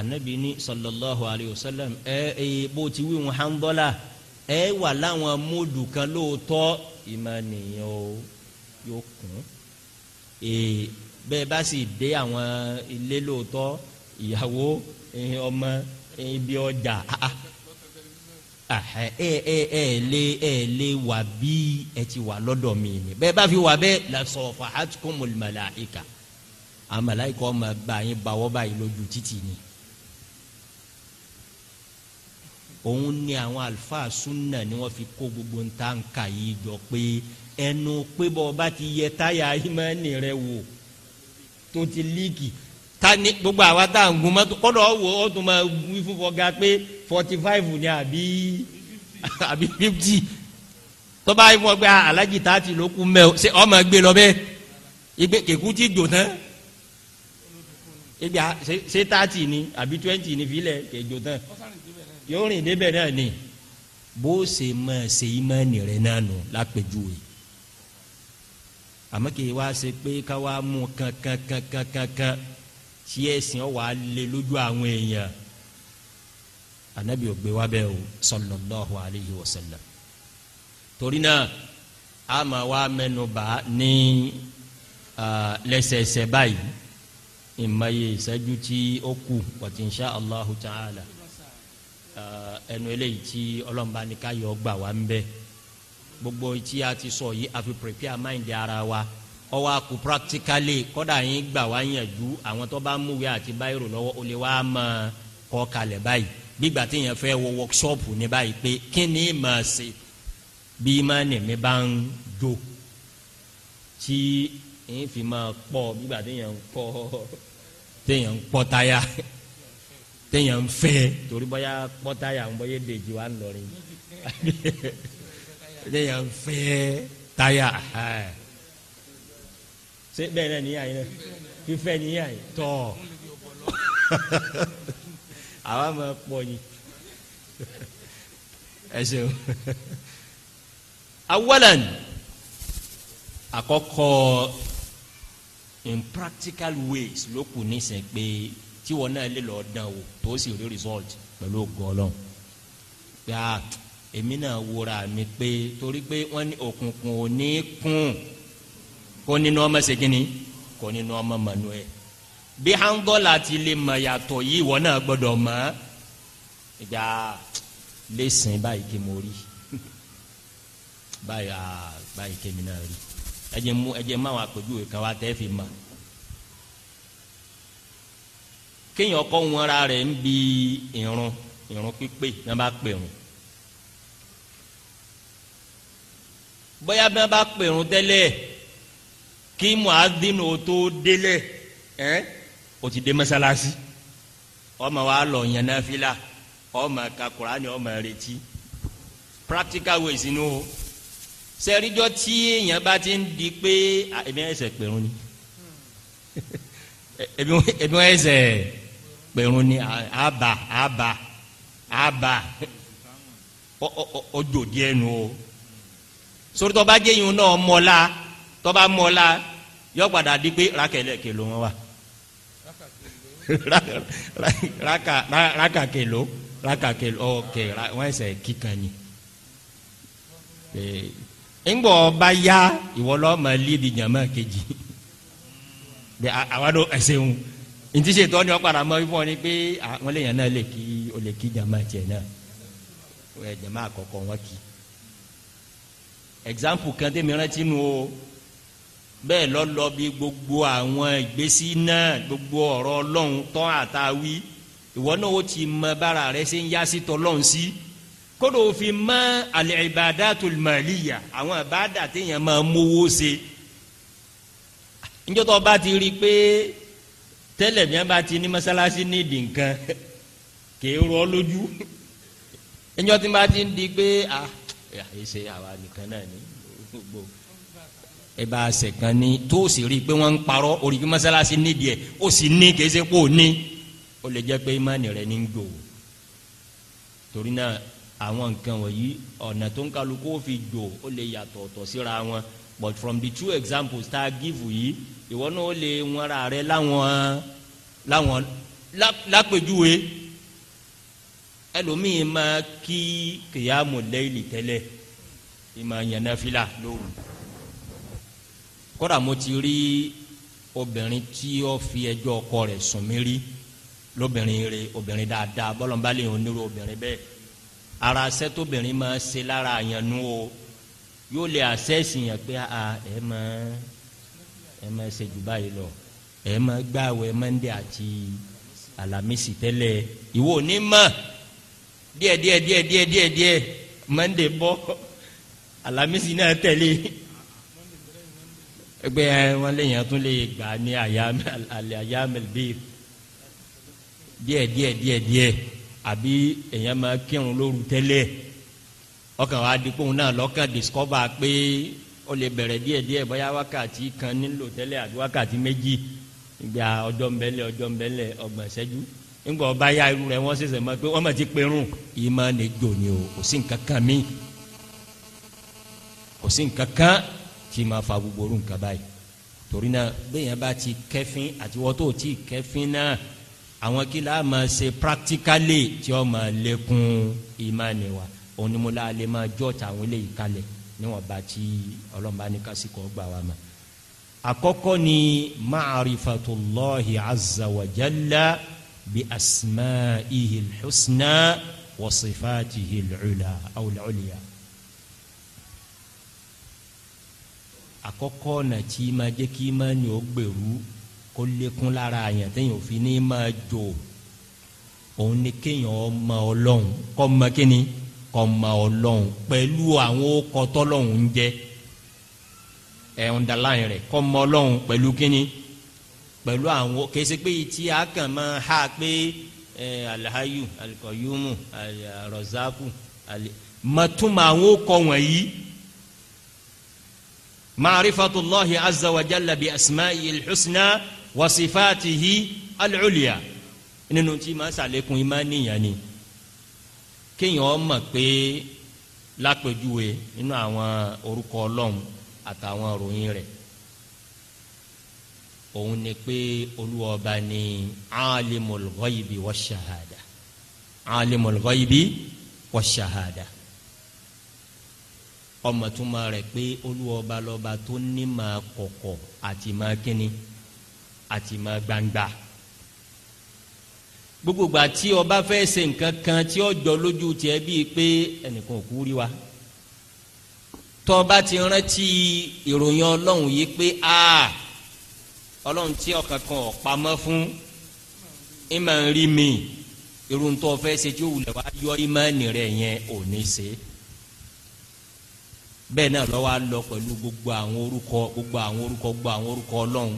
Speaker 1: ànábì ní sallallahu alayhi wa sallam ẹ ẹ bó ti wí wọn handola ẹ wà láwọn módù kan lóòótọ́ ìmọ̀ o yóò kún ee bẹ́ẹ̀ bá sì dé àwọn ilé lóòótọ́ ìyàwó ọmọ ibi ọjà ẹ ẹ ẹ lé ẹ lé wà bí ẹ ti wà lọ́dọ̀ mi ni bẹ́ẹ̀ bá fi wà bẹ́ẹ̀ làṣọ fàhátìkùmùl màláìkà àmàláìkà ọmọ bá yín báwọ́ báyìí lójú títì ni òun ni àwọn àlùfáà súnà ni wọ́n fi kó gbogbo ń ta yìí jọ pé ẹnu pé bọ́ ti yẹ táyà ìmọ̀ rẹ wò tó ti líìkì ta ni gbogbo àwa tá à ń gun mọ́tò kọ́dọ̀ ọ̀wọ́ ọ̀tún máa wí fún fọ́gá pé forty five ni àbí àbí fifty tọ́ba ìfọ̀ gba alájì tá a ti lókun mẹ́ o ṣe ọmọ gbé lọ bẹ́ẹ̀ ìgbé kékun ti gbò tán ìgbà ah, ṣe thirty ni àbí twenty ni filẹ̀ kéjò tán yóò rìn débẹ̀ náà ni bó ṣe mọ̀ ṣe ìmọ̀ nìrẹ̀ náà nù lápẹ̀jùwe àmọ́ kì í wá ṣe pé ká wá mú kankan kankan kankan tí ẹ̀sìn ọ̀wà lé lójú àwọn èèyàn anabi ògbé wa bẹ́ẹ̀ o sallallahu alayhi wa sallam torí náà a máa wá mẹ́nu bá ní lẹ́sẹẹsẹ báyìí ìmọye ìṣẹ́jú tí ó kù wàtí insha allahu ta'ala ẹnu eléyìí tí ọlọ́mba ní ká yọ ọgbà wa ń bẹ gbogbo tí a ti sọ yìí a fi prepare mind ara wa ọwọ́ akù practically kọ́dà yín gbà wá yànjú àwọn tó bá múwé àti báyìí rò lọ́wọ́ ó lè wá mọ kọ́ kalẹ̀ báyìí gbígbà tí yẹn fẹ́ wọ workshop ní báyìí pé kí ni mà á ṣe bí má nì mí bá ń jó tí yín fi máa pọ̀ gbígbà tí yẹn ń pọ̀ téèyàn ń pọ́ táyà téèyàn ń fẹ́ torí bóyá pọ́ táyà ń bóyá dèjì wa ń lọrin téèyàn ń fẹ́ táyà ṣé bẹ́ẹ̀ náà níyà yìí náà fífẹ́ níyà yìí tọ́ àwa máa pọ̀ yìí ẹ ṣeun awalan àkọ́kọ́ in practical ways ló kù nísìnyí pé tíwọ náà lè lọ dán o tó sì rí result pẹ̀lú ògo Ọlọ́run gba èmi náà wúra mi pé torí pé wọ́n ní òkùnkùn ò ní kún kò nínú ọmọ segini kò nínú ọmọ manuel bí hangola ti lè mọ yàtọ̀ yìí wọn náà gbọ́dọ̀ mọ̀ ìgbà lè sìn báyìí kí mo rí báyìí aa báyìí kí mi náà rí ẹ jẹ́ mú ẹ jẹ́ máa wà pẹ̀lú ìkan tẹ́ fi mọ̀ kéèyàn kọ́ wọn ra rẹ̀ ń bi irun irun pípé náà bá pè rùn bóyá bí wọ́n bá pè rùn tẹ́lẹ̀ kí muadhin o tó délẹ̀ ẹ́ o ti dé mọ́sálásí ọmọ wa lọ yẹn ọmọ ka Kùránì ọmọ retí practical ways ni o sẹ́ríjọ́ tí èèyàn bá ti ń di pé ẹ̀mí ẹ̀sẹ̀ pẹ̀rún ni ẹ̀mí ẹ̀sẹ̀ pẹ̀rún ni àbà àbà àbà ọjọ́ díẹ̀ nu o sórí tó bá jẹ́ yìí náà mọ́ la tọ́ba mọ́la yọ padà di pé rákẹ́lẹ́ kèlò wọn wa raka raka kèlò raka kèlò ọkẹ wọn ẹsẹ kíkan ni ńgbọ ọba ya ìwọ keji. lídìí jàmá kejì àwọn ẹsẹun ntí ṣètò ni wọn padà mọ fífọ ni pé àwọn lèèyàn náà lè kí o lè kí jàmá tiẹ náà jàmá àkọ́kọ́ wọn kì example kan tẹ́mi rántí nu o bẹ́ẹ̀ lọ́lọ́ bí gbogbo àwọn ìgbésí náà gbogbo ọ̀rọ̀ ọlọ́run tán àtàwí ìwọ náà ó ti mọ bára rẹ ṣe ń yá sí tọlọ́run sí kódò òfin mọ àlẹ́ ibadatul maliya àwọn ìbádà téèyàn máa mówó ṣe níjọ́ tó bá ti rí i pé tẹ́lẹ̀ bí wọ́n bá ti ní mọ́sálásí nídìí nǹkan kì í rọ lójú níjọ́ tí bá ti ń di pé ah ẹ̀ ṣe àwa nìkan náà ní gbogbo ẹ bá a sẹ̀ kan ní tó sì rí i pé wọ́n ń parọ́ orí mọ́sálásí nídìí ẹ̀ ó sì ní kì í ṣe pé ó ní ó lè jẹ́ pé ìmánì rẹ̀ ní ń gbò torí náà àwọn nǹkan wọ̀nyí ọ̀nà tó ń kálukú ó fi gbò ó lè yàtọ̀ ọ̀tọ̀ síra wọn but from the two examples tá a give yìí ìwọ náà ó lè wọn ra rẹ láwọn láwọn lápèjúwe ẹlòmíì máa kí kìyàmù lẹ́yìn tẹ́lẹ̀ ìmọ̀ yẹn náà fi là lóru kódà mo ti rí obìnrin tí ó fi ẹjọ́ ọkọ rẹ̀ sùn mí rí lóbìnrin rẹ̀ obìnrin dáadáa bọ́lọ̀mbá lè hàn nírú obìnrin bẹ́ẹ̀ ara aṣẹ́ tóbìnrin máa ń ṣe lára àyànnú o yóò lè àṣẹ́sì yẹn pé a ẹ mọ ẹ mọ ṣe jù báyìí lọ ẹ mọ gbàwẹ̀ mọ́ndé àti alamisi tẹ́lẹ̀ ìwọ ní mọ̀ díẹ̀ díẹ̀ díẹ̀ díẹ̀ díẹ̀ díẹ̀ mọ́ndé bọ́ alamisi náà tẹ̀lé ẹgbẹ́ wọn lèèyàn tún lè gbà ní àyàmẹ́ bíi díẹ̀ díẹ̀ díẹ̀ díẹ̀ àbí èèyàn máa kírun lóru tẹ́lẹ̀ ọkàn wa dípò náà lọ́kàn discover pé ó lè bẹ̀rẹ̀ díẹ̀ díẹ̀ bóyá wákàtí kan nílò tẹ́lẹ̀ àbí wákàtí méjì ìgbà ọjọ́ ńbẹ́lẹ̀ ọjọ́ ńbẹ́lẹ̀ ọgbọ̀n ṣẹ́jú ńgbà ọba ya irú rẹ̀ wọ́n ṣẹ̀ṣẹ̀ mọ̀ pé wọ́n mọ̀ ti perun yìí máa ń lè jò ní o kò sí nǹkan kan mí kò sí nǹkan kan tí ma fa gbogbo orun nǹkan báyìí torí náà bẹ́ẹ̀ bá ti kẹ́fín àti wọ́n tó ti kẹ́fín náà àwọn kìlá máa ṣe practically tí ó máa lékún ìmánì wa òun lè máa jọ́ tàwọn eléyìí kalẹ̀ níwọ̀n bá ti ọlọ́mọba ní kásìkò gbà wá ma. àkọ́kọ́ ni ma'rifatullahi azza bi asma'ihi al-husna wa sifatihi àkọ́kọ́ ọ̀nà tí ma jẹ́ kí ma ní o gbèrú kó lékún lára yẹn téèyàn ò fi ní ma jò òun ni kéèyàn ọmọ ọlọ́run kọ́ mọ kíni kọ́ mọ ọlọ́run pẹ̀lú àwọn kọ́tọ́lọ́run ń jẹ́ ẹ̀ ń daláyìn rẹ̀ kọ́ mọ ọlọ́run pẹ̀lú kíni pẹ̀lú àwọn kèsì pé tí a kàn máa ha pé alhayu alikọyumu alirazaku mọ̀túnmọ̀ àwọn kọ wọ̀nyí ma'rifatullahi azza wa jalla bi asma'i al-husna wa sifatihi al-ulya nínú tí ma ṣàlékún ìmánìyàn ni kéèyàn ó mọ̀ pé lápèjúwe nínú àwọn orúkọ ọlọ́run àtàwọn òròyìn rẹ̀ òun ni pé olúwa ọba ni alimul ghaibi wa shahada alimul ghaibi wa shahada ọmọtúmọ̀ rẹ̀ pé olúwọba lọ́ba tó ní máa kọ̀kọ̀ àti máa kíni àti máa gbangba gbogbo ìgbà tí ọba fẹ́ ṣe nǹkan kan tí ó jọ lójú tiẹ̀ bíi pé ẹnìkan ò kú rí wa tọ́ba ti rántí ìròyìn ọlọ́run yìí pé a ọlọ́run tí ọkàn kan ò pamọ́ fún ìmọ̀ ń rí mi irun tó fẹ́ ṣe tí ó wulẹ̀ wá yọ ìmọ̀ ẹ̀nì yẹn ò ní ṣe é bẹ́ẹ̀ náà lọ́wọ́ á lọ pẹ̀lú gbogbo àwọn orúkọ gbogbo àwọn orúkọ gbogbo àwọn orúkọ ọlọ́run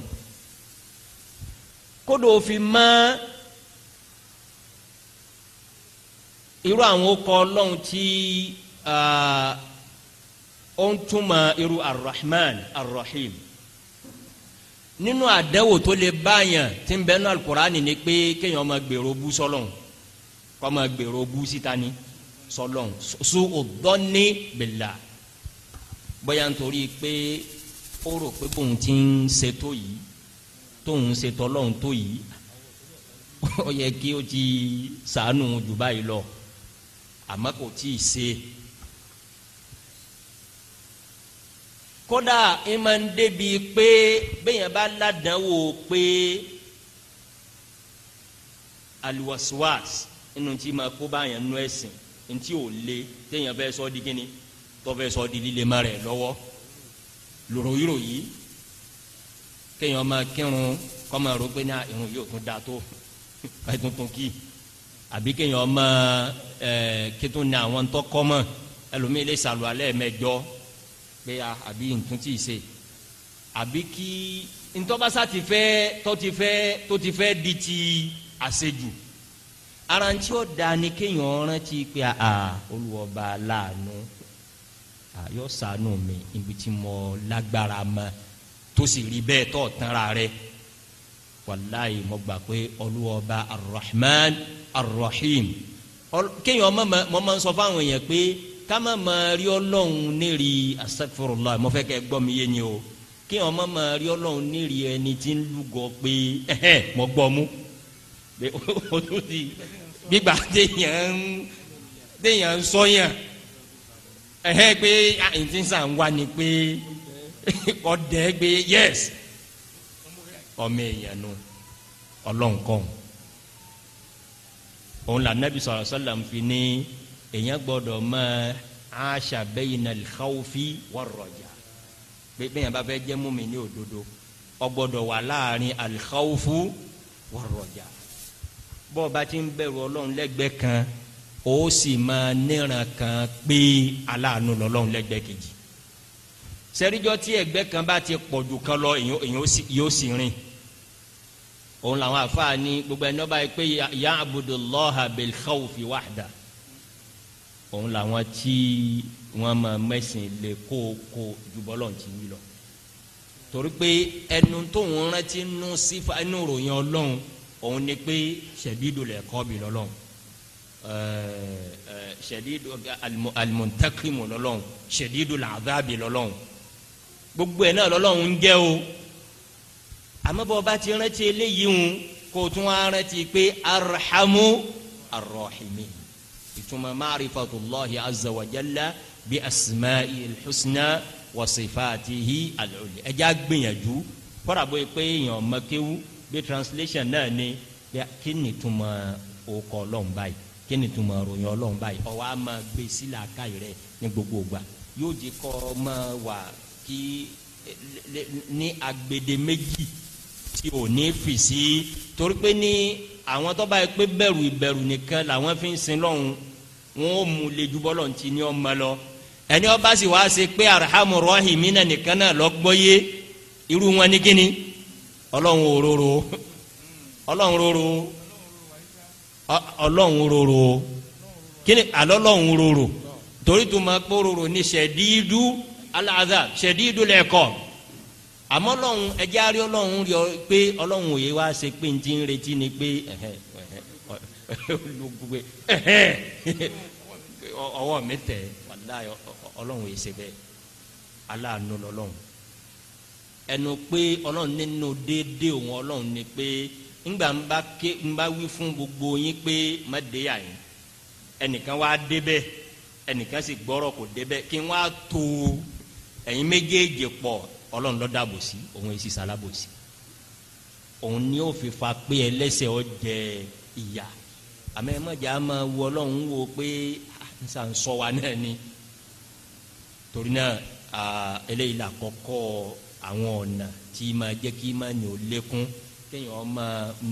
Speaker 1: kódò òfin mọ́ irú àwọn orúkọ ọlọ́run tí ó ń túmọ̀ irú arrahman arrahim nínú àdánwò tó lè báyàn tí ń bẹ́ẹ̀ alukurani ni pé kéèyàn máa gbèrò bú sọlọ́run kó máa gbèrò bú síta ní sọlọ́run su ọ̀dọ́ ní billah bóyá nítorí pé ó rò pé bóun ti ń ṣètò yìí tóun ṣètò ọlọ́run tó yìí ó yẹ kí ó ti sàánù jù báyìí lọ àmọ́ kò tí ì ṣe. kódà ẹ máa ń débi pé bẹ́yẹn bá ládàáwò pé aliwasiwasi inú tí ma kó báyẹn nú ẹ̀sìn ntí ò le téèyàn fẹ́ sọ di kíni tọ́fẹ́ sọ di líle má rẹ̀ lọ́wọ́ lòrò yìí ròyìn kéèyàn máa kírun kọ́ máa rò pé ní ah, irun yóò tún da tó ká tuntun kí àbí kéèyàn máa ẹ̀ kétún ní àwọn tó kọ́ mọ́ ẹlòmíì lè sàlù alẹ́ mẹ́jọ pé ah, àbí ntún tí ì ṣe àbí kí ntọ́básá ti fẹ́ tó ti fẹ́ tó ti fẹ́ di ti àṣejù ara ntí da ni kéèyàn rántí pé àà ah, olùwọ̀ba láàánú. No yóò sànù mi ibi tí mo lágbára mọ tó sì rí bẹ́ẹ̀ tó tanra rẹ wàláyé mo gbà pé olúwọba arrahman arrahim kéèyàn mo máa ń sọ fáwọn èèyàn pé ká má máa rí ọlọ́run nírì astaghfirullah mo fẹ́ kẹ́ gbọ́ mi yé ni o kéèyàn má máa rí ọlọ́run nírì ẹni tí ń lúgọ pé ẹ̀hẹ́ mo gbọ́ mú gbígbà téèyàn ń téèyàn ń sọ yàn ẹ̀hẹ́ pé ìfínsà ah, ń ni pé ọ̀dẹ́ pé yes ọmọ èèyàn nu ọlọ́nkàn òun là nàbì sọ̀rọ̀ sọ́là ń fi ní èèyàn gbọ́dọ̀ mọ aṣa bẹ́yìnà lìkàwọ́fì wọ̀rọ̀jà pé bẹ́yìn bá fẹ́ jẹ́ mú mi ní òdodo ó gbọ́dọ̀ wà láàrin àlìkàwọ́fù wọ̀rọ̀jà bọ́ọ̀ bá ti ń bẹ̀rù ọlọ́run lẹ́gbẹ̀ẹ́ kan ó sì máa níran kan pé aláàánú lọ́lọ́run lẹ́gbẹ́ kejì sẹ́ríjọ́ tí ẹgbẹ́ kan bá ti pọ̀ jù kan lọ èyàn yóò sì rìn òun làwọn àfáà ní gbogbo ẹni ọba yìí pé ya abudullaha bil khawfi wahda òun làwọn tí wọ́n máa mẹ́sìn lè kó kó jùbọ́lọ̀ tì í lọ torí pé ẹnu tóun rántí nú sífà nú ròyìn ọlọ́run òun ni pé ṣẹ̀bí dòlẹ̀ kọ́ bí lọ́lọ́run ṣẹdidu eh, eh, alimuntakimu lọ́lọ́run ṣẹdidu làdábì lọ́lọ́run gbogbo ẹ náà lọ́lọ́run ń jẹ o àmọ́ bọ bá ti rántí eléyìí ń kó tún wá rántí pé arahamu arrahimi ìtumọ̀ ma'rifatullahi azza wa jalla bi asma'i alhusna wa sifatihi al'uli ẹjẹ́ agbìyànjú kọ́ra bóyá pé èèyàn mọ̀kéwú bí translation náà ni kí ni ìtumọ̀ òkò kí ni tó máa ròyìn ọlọ́run báyìí ọwọ́ a máa gbé sílẹ̀ àkàyè rẹ ní gbogbo ìgbà yóò jẹ́ kọ́ máa wà kí ní agbede méjì tí ò ní fi sí torí pé ní àwọn tó bá yẹ pé bẹ̀rù ìbẹ̀rù nìkan làwọn fi ń sin lọ́hùn wọn ò mú le jubọ́ lọ́hùn tí ní ọmọ lọ ẹni ọba sì wá ṣe pé arahamu rahimina nìkan náà lọ́gbọ́ yé irú wọn ní kíni ọlọ́run òróró ọlọ́run òróró ọlọ́run roro kíni alọ́lọ́run roro torí tó máa pé roro ní ṣẹ̀dídú ọlọ́run ẹjẹ́ ọlọ́run ọlọ́run wá ṣe pé ni pé ọwọ́ mi tẹ̀ ọlọ́run yìí ṣe ọlọ́run nínú déédéé òun ńgbà ń bá ké ń bá wí fún gbogbo yín pé má dé yà yín ẹnìkan wá débẹ̀ ẹnìkan sì gbọ́rọ̀ kò débẹ̀ kí wọ́n á to ẹ̀yin méjèèjì pọ̀ ọlọ́run ló dábòsí òun èsì sálábòsí òun ni ó fi fa pé ẹlẹ́sẹ̀ ọ ìyà àmọ́ ẹ mọ̀jà máa wọ ọlọ́run wo pé ah, nsa ń sọ wa náà ni torí náà eléyìí là àwọn ọ̀nà tí máa jẹ́ kí máa ní lékún kéèyàn ọmọ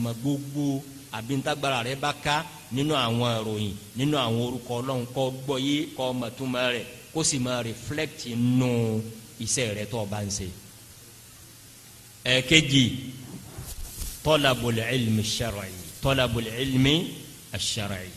Speaker 1: mọ gbogbo àbí ntagbara rẹ bá ká nínú àwọn ìròyìn nínú àwọn orúkọ ọlọ́run kó gbọ́ yé kó mọ̀ tó mọ̀ rẹ̀ kó sì mọ̀ reflect nù iṣẹ́ rẹ̀ tó bá ń ṣe. ẹ̀ẹ́kejì talabul ilmi shar'i talabul ilmi shar'i.